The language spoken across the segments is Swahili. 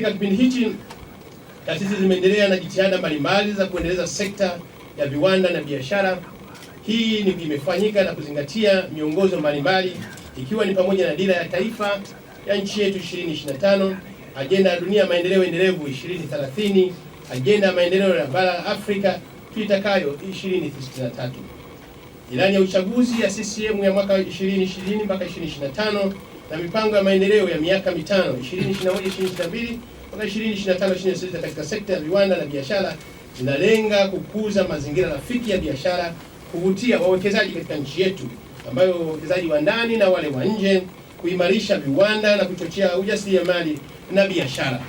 Katika kipindi hichi taasisi zimeendelea na jitihada mbalimbali za kuendeleza sekta ya viwanda na biashara. Hii ni imefanyika na kuzingatia miongozo mbalimbali ikiwa ni pamoja na dira ya taifa ya nchi yetu 2025, ajenda ya dunia ya maendeleo endelevu 2030, ajenda ya maendeleo ya bara la Afrika tuitakayo 2063, ilani ya uchaguzi ya CCM ya mwaka 2020 mpaka 2025 na mipango ya maendeleo ya miaka mitano 2021 2022 mpaka 2025 2026 katika sekta ya viwanda na biashara zinalenga kukuza mazingira rafiki ya biashara, kuvutia wawekezaji katika nchi yetu, ambayo wawekezaji wa ndani na wale wa nje, kuimarisha viwanda na kuchochea ujasiriamali na biashara,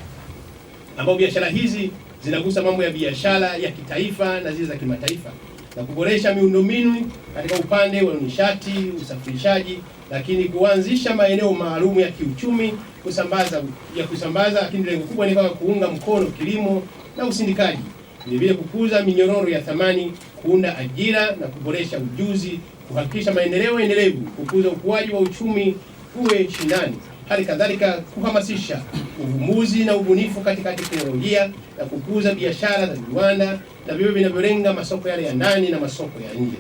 ambapo biashara hizi zinagusa mambo ya biashara ya kitaifa na zile za kimataifa na kuboresha miundombinu katika upande wa nishati, usafirishaji, lakini kuanzisha maeneo maalum ya kiuchumi kusambaza ya kusambaza, lakini lengo kubwa ni kama kuunga mkono kilimo na usindikaji, vilevile kukuza minyororo ya thamani, kuunda ajira na kuboresha ujuzi, kuhakikisha maendeleo endelevu, kukuza ukuaji wa uchumi uwe shindani hali kadhalika kuhamasisha uvumbuzi na ubunifu katika teknolojia na kukuza biashara za viwanda na vivyo vinavyolenga masoko yale ya ndani na masoko ya nje.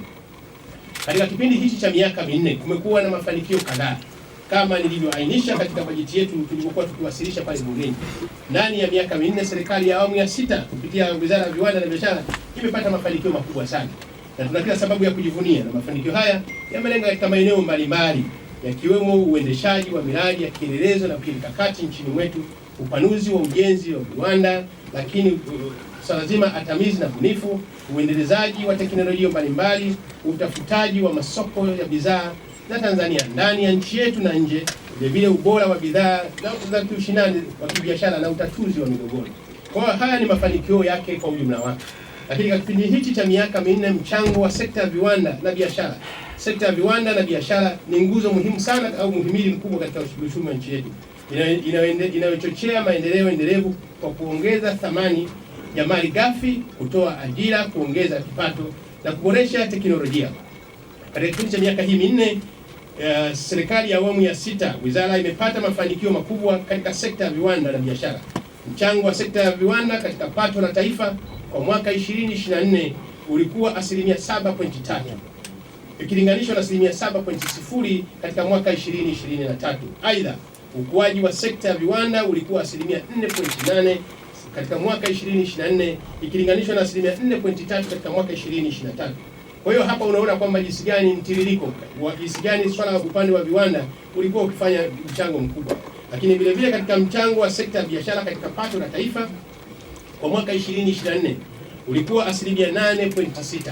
Katika kipindi hichi cha miaka minne kumekuwa na mafanikio kadhaa kama nilivyoainisha katika bajeti yetu tulipokuwa tukiwasilisha pale bungeni. Ndani ya miaka minne, serikali ya awamu ya sita kupitia Wizara ya Viwanda na Biashara imepata mafanikio makubwa sana, na tuna kila sababu ya kujivunia, na mafanikio haya yamelenga katika maeneo mbalimbali yakiwemo uendeshaji wa miradi ya kielelezo na kimkakati nchini mwetu, upanuzi wa ujenzi wa viwanda, lakini uh, swala zima atamizi na bunifu, uendelezaji wa teknolojia mbalimbali, utafutaji wa masoko ya bidhaa za Tanzania ndani ya nchi yetu na nje, vilevile ubora wa bidhaa za kiushindani wa kibiashara na utatuzi wa migogoro. Kwa hiyo haya ni mafanikio yake kwa ujumla wake. Lakini katika kipindi hichi cha miaka minne, mchango wa sekta ya viwanda na biashara sekta ya viwanda na biashara ni nguzo muhimu sana au muhimili mkubwa katika uchumi wa nchi yetu inayochochea maendeleo endelevu kwa kuongeza thamani ya mali ghafi, kutoa ajira, kuongeza kipato na kuboresha teknolojia. Katika kipindi cha miaka hii minne, uh, serikali ya awamu ya sita, wizara imepata mafanikio makubwa katika sekta ya viwanda na biashara. Mchango wa sekta ya viwanda katika pato la taifa kwa mwaka 2024 ulikuwa asilimia 7.5 ikilinganishwa na asilimia 7.0 katika mwaka 2023. Aidha, ukuaji wa sekta ya viwanda ulikuwa asilimia 4.8 katika mwaka 2024 ikilinganishwa na asilimia 4.3 katika mwaka 2023. Kwa hiyo hapa unaona kwamba jinsi gani mtiririko, jinsi gani swala la upande wa viwanda ulikuwa ukifanya mchango mkubwa. Lakini vile vile katika mchango wa sekta ya biashara katika pato la taifa kwa mwaka 2024 ulikuwa asilimia 8.6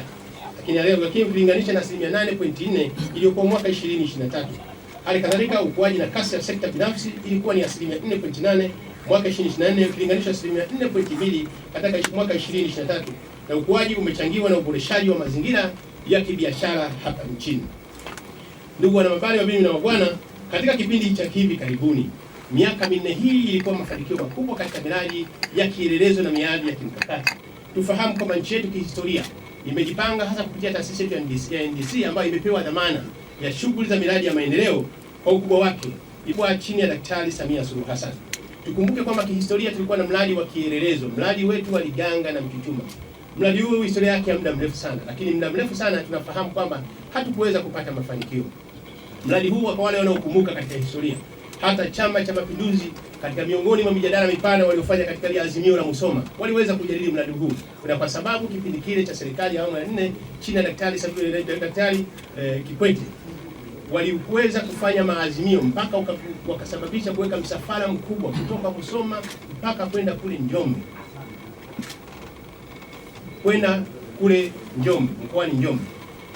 ina lakini ukilinganisha na asilimia 8.4 iliyokuwa mwaka 2023. Hali kadhalika ukuaji na kasi ya sekta binafsi ilikuwa ni asilimia 4.8 mwaka 2024 ukilinganisha asilimia 4.2 katika mwaka 2023, na ukuaji umechangiwa na uboreshaji wa mazingira ya kibiashara hapa nchini. Ndugu wa mimi na mabwana, katika kipindi cha hivi karibuni miaka minne hii ilikuwa mafanikio makubwa katika miradi ya kielelezo na miradi ya kimkakati. Tufahamu kwamba nchi yetu kihistoria imejipanga hasa kupitia taasisi yetu ya NDC ambayo imepewa dhamana ya shughuli za miradi ya maendeleo kwa ukubwa wake ipo chini ya Daktari Samia Suluhu Hassan. Tukumbuke kwamba kihistoria tulikuwa na mradi wa kielelezo, mradi wetu wa Liganga na Mchuchuma. Mradi huu historia yake ya muda mrefu sana, lakini muda mrefu sana tunafahamu kwamba hatukuweza kupata mafanikio. Mradi huu kwa wale wanaokumbuka katika historia hata Chama cha Mapinduzi katika miongoni mwa mijadala mipana waliofanya katika ile azimio la Musoma waliweza kujadili mradi huu, na kwa sababu kipindi kile cha serikali ya awamu ya nne chini ya Daktari Samia Daktari eh, Kikwete waliweza kufanya maazimio mpaka wakasababisha kuweka msafara mkubwa kutoka Musoma mpaka kwenda kule Njombe kwenda kule Njombe mkoani Njombe.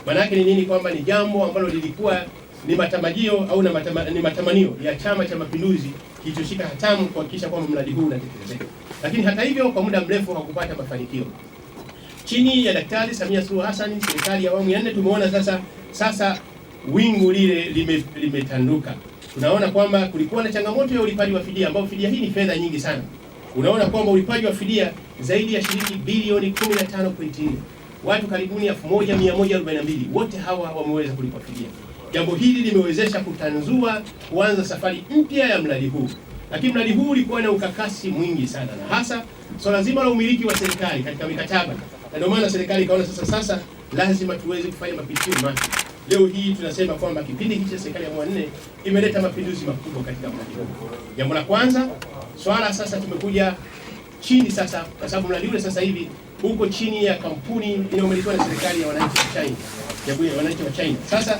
Maana yake ni nini? Kwamba ni jambo ambalo lilikuwa ni matarajio au na matama, ni matamanio ya Chama cha Mapinduzi kilichoshika hatamu kuhakikisha kwamba mradi huu unatekelezeka, lakini hata hivyo kwa muda mrefu hakupata mafanikio. Chini ya Daktari Samia Suluhu Hassan, serikali ya awamu ya nne, tumeona sasa sasa wingu lile limetanduka, lime tunaona kwamba kulikuwa na changamoto ya ulipaji wa fidia, ambao fidia hii ni fedha nyingi sana. Unaona kwamba ulipaji wa fidia zaidi ya shilingi bilioni 15.4, watu karibuni 1142 wote hawa wameweza kulipa fidia. Jambo hili limewezesha kutanzua kuanza safari mpya ya mradi huu, lakini mradi huu ulikuwa na ukakasi mwingi sana, na hasa swala so zima la umiliki wa serikali katika mikataba, na ndio maana serikali ikaona sasa sasa lazima tuweze kufanya mapitio mapya. Leo hii tunasema kwamba kipindi hiki cha serikali ya awamu ya nne imeleta mapinduzi makubwa katika mradi huu. Jambo la kwanza, swala sasa tumekuja chini sasa, kwa sababu mradi ule sasa hivi uko chini ya kampuni inayomilikiwa na serikali ya wananchi wa China, ya wananchi wa China sasa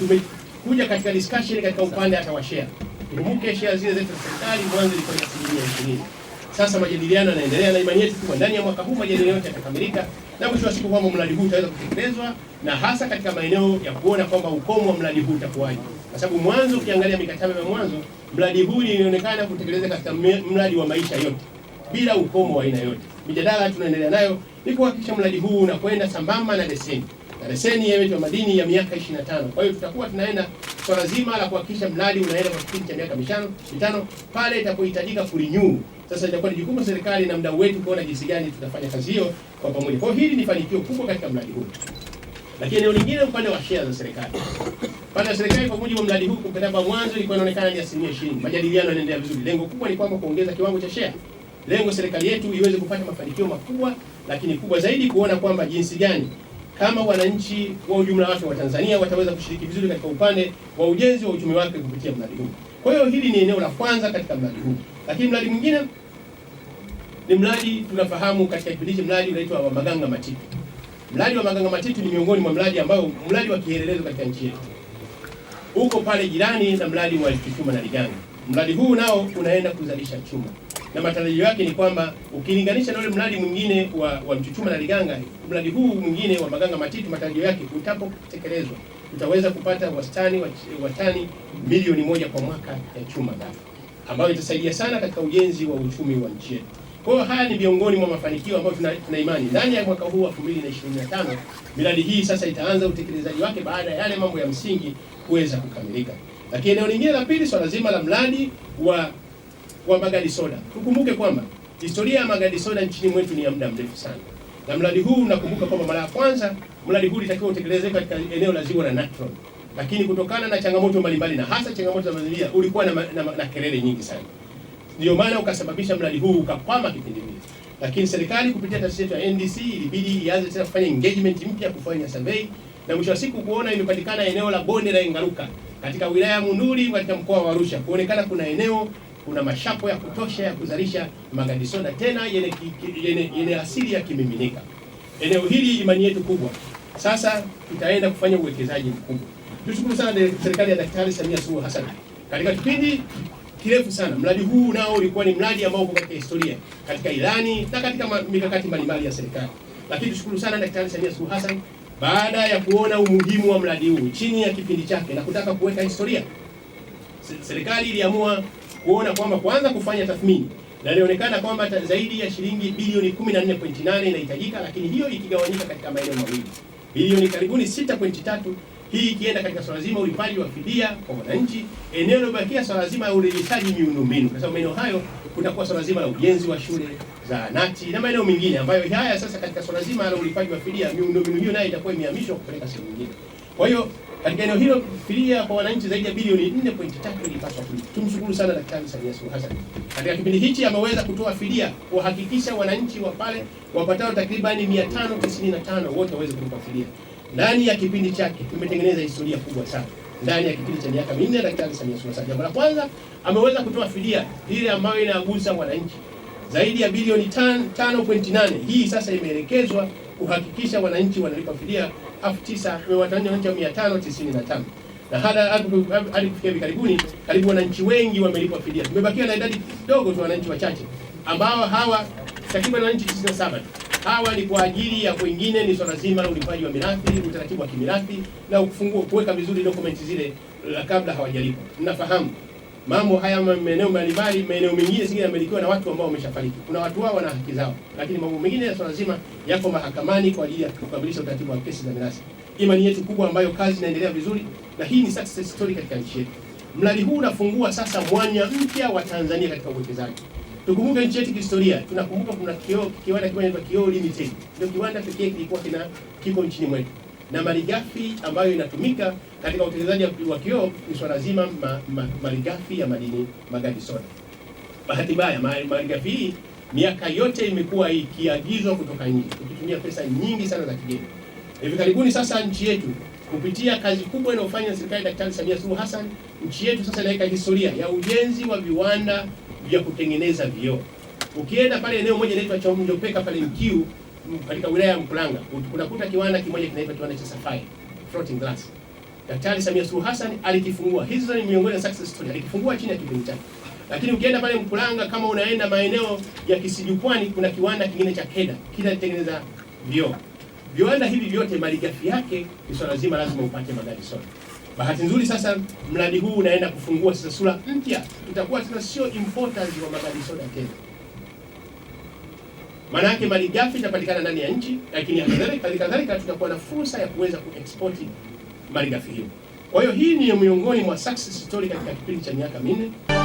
tumekuja katika discussion katika upande hata wa share. kumbuke share zile zetu za serikali mwanzo ilikuwa ni asilimia ishirini. Sasa majadiliano yanaendelea na imani yetu kwa ndani ya mwaka huu majadiliano yote yatakamilika na mwisho wa siku kwamba mradi huu utaweza kutekelezwa na hasa katika maeneo ya kuona kwamba ukomo wa mradi huu utakuwaje, kwa sababu mwanzo ukiangalia mikataba ya mwanzo mradi huu ilionekana kutekeleza katika mradi wa maisha yote bila ukomo wa aina yote. Mijadala tunaendelea nayo ni kuhakikisha mradi huu unakwenda sambamba na deseni na leseni yetu ya madini ya miaka 25. Kwa hiyo tutakuwa tunaenda swala zima la kuhakikisha mradi unaenda kwa kipindi cha miaka mitano mitano, pale itapohitajika kurenew. Sasa itakuwa ni jukumu serikali na mdau wetu kuona jinsi gani tutafanya kazi hiyo kwa pamoja. Kwa hiyo hili ni fanikio kubwa katika mradi huu, lakini eneo lingine upande wa share za serikali, upande wa serikali kwa mujibu wa mradi huu kwa mwanzo ilikuwa inaonekana ni asilimia 20. Majadiliano yanaendelea vizuri, lengo kubwa ni kwamba kuongeza kiwango cha share lengo serikali yetu iweze kupata mafanikio makubwa, lakini kubwa zaidi kuona kwamba jinsi gani kama wananchi wa ujumla wake wa Tanzania wataweza kushiriki vizuri katika upande wa ujenzi wa uchumi wake kupitia mradi huu. Kwa hiyo hili ni eneo la kwanza katika mradi huu, lakini mradi mwingine ni mradi tunafahamu, katika kipindi cha mradi unaitwa wa Maganga Matitu. Mradi wa Maganga Matitu ni miongoni mwa mradi ambao mradi wa kielelezo katika nchi yetu, uko pale jirani na mradi wa Kifuma na Liganga. Mradi huu nao unaenda kuzalisha chuma na matarajio yake ni kwamba ukilinganisha na ule mradi mwingine wa, wa Mchuchuma na Liganga, mradi huu mwingine wa Maganga Matitu, matarajio yake utapotekelezwa utaweza kupata wastani wa tani milioni moja kwa mwaka ya chuma ghafi, ambayo itasaidia sana katika ujenzi wa uchumi wa nchi yetu. Kwa hiyo haya ni miongoni mwa mafanikio ambayo tuna, tuna imani ndani ya mwaka huu wa 2025 miradi hii sasa itaanza utekelezaji wake baada ya yale mambo ya msingi kuweza kukamilika. Lakini eneo lingine la pili, swala zima la mradi wa wa Magadi Soda. Tukumbuke kwamba historia ya Magadi Soda nchini mwetu ni ya muda mrefu sana, na mradi huu nakumbuka kwamba mara ya kwanza mradi huu ulitakiwa utekelezwe katika eneo la ziwa na Natron, lakini kutokana na changamoto mbalimbali na hasa changamoto za mazingira ulikuwa na, na, na kelele nyingi sana, ndio maana ukasababisha mradi huu ukakwama kipindi hiki. Lakini serikali kupitia taasisi yetu ya NDC ilibidi ianze tena kufanya engagement mpya, kufanya survey na mwisho wa siku kuona imepatikana eneo la bonde la Engaruka katika wilaya ya Monduli katika mkoa wa Arusha, kuonekana kuna eneo kuna mashapo ya kutosha ya kuzalisha magadi soda tena yenye, yenye, yenye asili ya kimiminika. Eneo hili imani yetu kubwa, sasa tutaenda kufanya uwekezaji mkubwa. Tushukuru sana serikali ya Daktari Samia Suluhu Hassan katika kipindi kirefu sana. Mradi huu nao ulikuwa ni mradi ambao uko katika historia, katika ilani na katika mikakati mbalimbali ya serikali, lakini tushukuru sana Daktari Samia Suluhu Hassan baada ya kuona umuhimu wa mradi huu chini ya kipindi chake na kutaka kuweka historia, serikali iliamua kuona kwamba kwanza kufanya tathmini na ilionekana kwamba zaidi ya shilingi bilioni 14.8 inahitajika, lakini hiyo ikigawanyika katika maeneo mawili, bilioni karibuni 6.3 hii ikienda katika swala zima ulipaji wa fidia kwa wananchi, eneo lilobakia swala zima ya urejeshaji miundombinu, kwa sababu maeneo hayo kutakuwa swala zima la ujenzi wa shule, zahanati na maeneo mengine ambayo haya sasa katika swala zima la ulipaji wa fidia, miundombinu hiyo nayo itakuwa imehamishwa kupeleka sehemu nyingine. Kwa hiyo katika eneo hilo fidia kwa wananchi zaidi ya bilioni 4.3 ilipaswa kulipa. Tumshukuru sana Daktari Samia Suluhu Hassan. Katika kipindi hichi ameweza kutoa fidia kuhakikisha wananchi wa pale wapatao takribani 595 wote waweze kulipa fidia. Ndani ya kipindi chake tumetengeneza historia kubwa sana. Ndani ya kipindi cha miaka minne Daktari Samia Suluhu Hassan, jambo la kwanza ameweza kutoa fidia ile ambayo inagusa wananchi zaidi ya bilioni 5.8. Hii sasa imeelekezwa kuhakikisha wananchi wanalipa fidia 9595 na hadi kufikia karibuni, karibu wananchi wengi wamelipwa fidia. Tumebakiwa na idadi kidogo tu, wananchi wachache ambao hawa takriban wananchi 97 hawa ni kwa ajili ya wengine, ni swala zima la ulipaji wa mirathi, utaratibu wa kimirathi na kufungua kuweka vizuri dokumenti zile kabla hawajalipwa. Mnafahamu mambo haya maeneo mbalimbali, maeneo mengine zingine yamelikiwa na watu ambao wameshafariki. Kuna watu wao wana haki zao, lakini mambo mengine ya lazima yako mahakamani kwa ajili ya kukamilisha utaratibu wa kesi za mirasi. Imani yetu kubwa ambayo kazi inaendelea vizuri, na hii ni success story katika nchi yetu. Mradi huu unafungua sasa mwanya mpya wa Tanzania katika uwekezaji. Tukumbuke nchi yetu kihistoria, tunakumbuka kuna kiwanda kimoja kinaitwa Kioo Limited, ndio kiwanda pekee kilikuwa kina kiko nchini mwetu na malighafi ambayo inatumika katika utengenezaji wa kioo ni swala zima ma, ma, malighafi ya madini magadi soda. Bahati mbaya malighafi hii miaka yote imekuwa ikiagizwa kutoka nje, ukitumia pesa nyingi sana za kigeni. Hivi karibuni sasa nchi yetu kupitia kazi kubwa inayofanya serikali Daktari Samia Suluhu Hassan, nchi yetu sasa inaweka historia ya ujenzi wa viwanda vya kutengeneza vioo. Ukienda pale eneo moja inaitwa Chonjopeka pale Mkiu katika wilaya ya Mkuranga kunakuta kiwanda kimoja kinaitwa kiwanda cha Safari floating glass. Daktari Samia Suluhu Hassan alikifungua. Hizo ni miongoni mwa success story, alikifungua chini ya kipindi chake. Lakini ukienda pale Mkuranga, kama unaenda maeneo ya Kisijukwani, kuna kiwanda kingine cha Keda kinatengeneza vioo. Viwanda hivi vyote malighafi yake ni swala zima, lazima upate magari sote. Bahati nzuri sasa mradi huu unaenda kufungua sasa sura mpya, tutakuwa sasa sio importers wa magari soda tena. Maana yake malighafi itapatikana ndani ya nchi, lakini halikadhalika tutakuwa na fursa ya kuweza kuexport malighafi hiyo. Kwa hiyo hii ni miongoni mwa success story katika kipindi cha miaka minne.